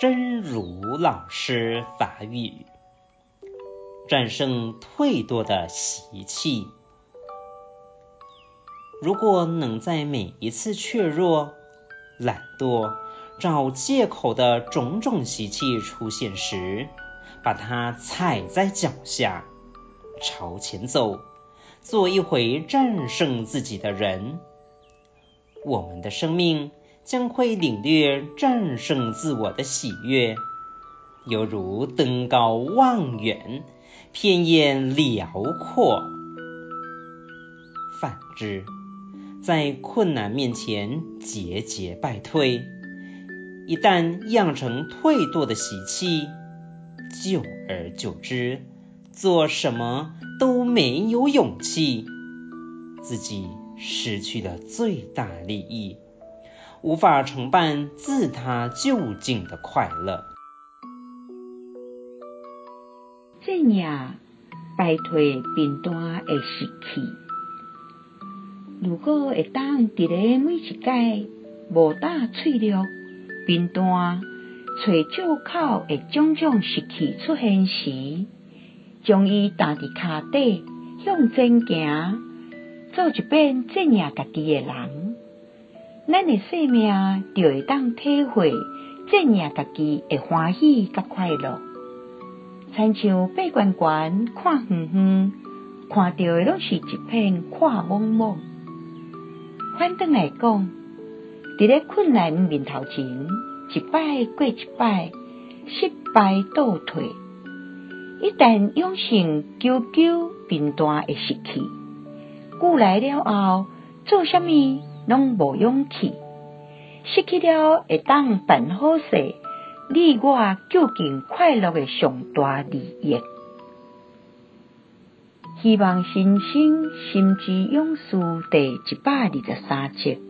真如老師法語，戰勝退惰的習氣。如果能在每一次怯弱、懶惰、找借口的種種習氣出現時，把它踩在腳下，朝前走，做一回戰勝自己的人，我們的生命，將會領略戰勝自我的喜悅，猶如登高望遠，遍眼遼闊。反之，在困難面前節節敗退，一旦養成退惰的習氣，久而久之，做什麼都沒有勇氣，自己失去了最大利益。無法成辦自他究竟的快樂。戰贏，擺脫退惰的習氣。如果當地咧每一改無大怯弱，退惰找借口的種種習氣出現時，將伊踏佇腳底向前行，做一遍戰贏家己的人。咱的生命就會當體會，戰勝家己會歡喜甲快樂，親像爬懸懸看遠遠，看到的攏是一片闊茫茫。反正來講，佇咧困難面頭前，一擺過一擺，失敗倒退，一旦養成久久貧惰的習氣，久來了後做啥物，攏無勇氣，失去了會當辦好事，你我究竟快樂嘅上大利益。希望新生心之勇士第一百二十三集。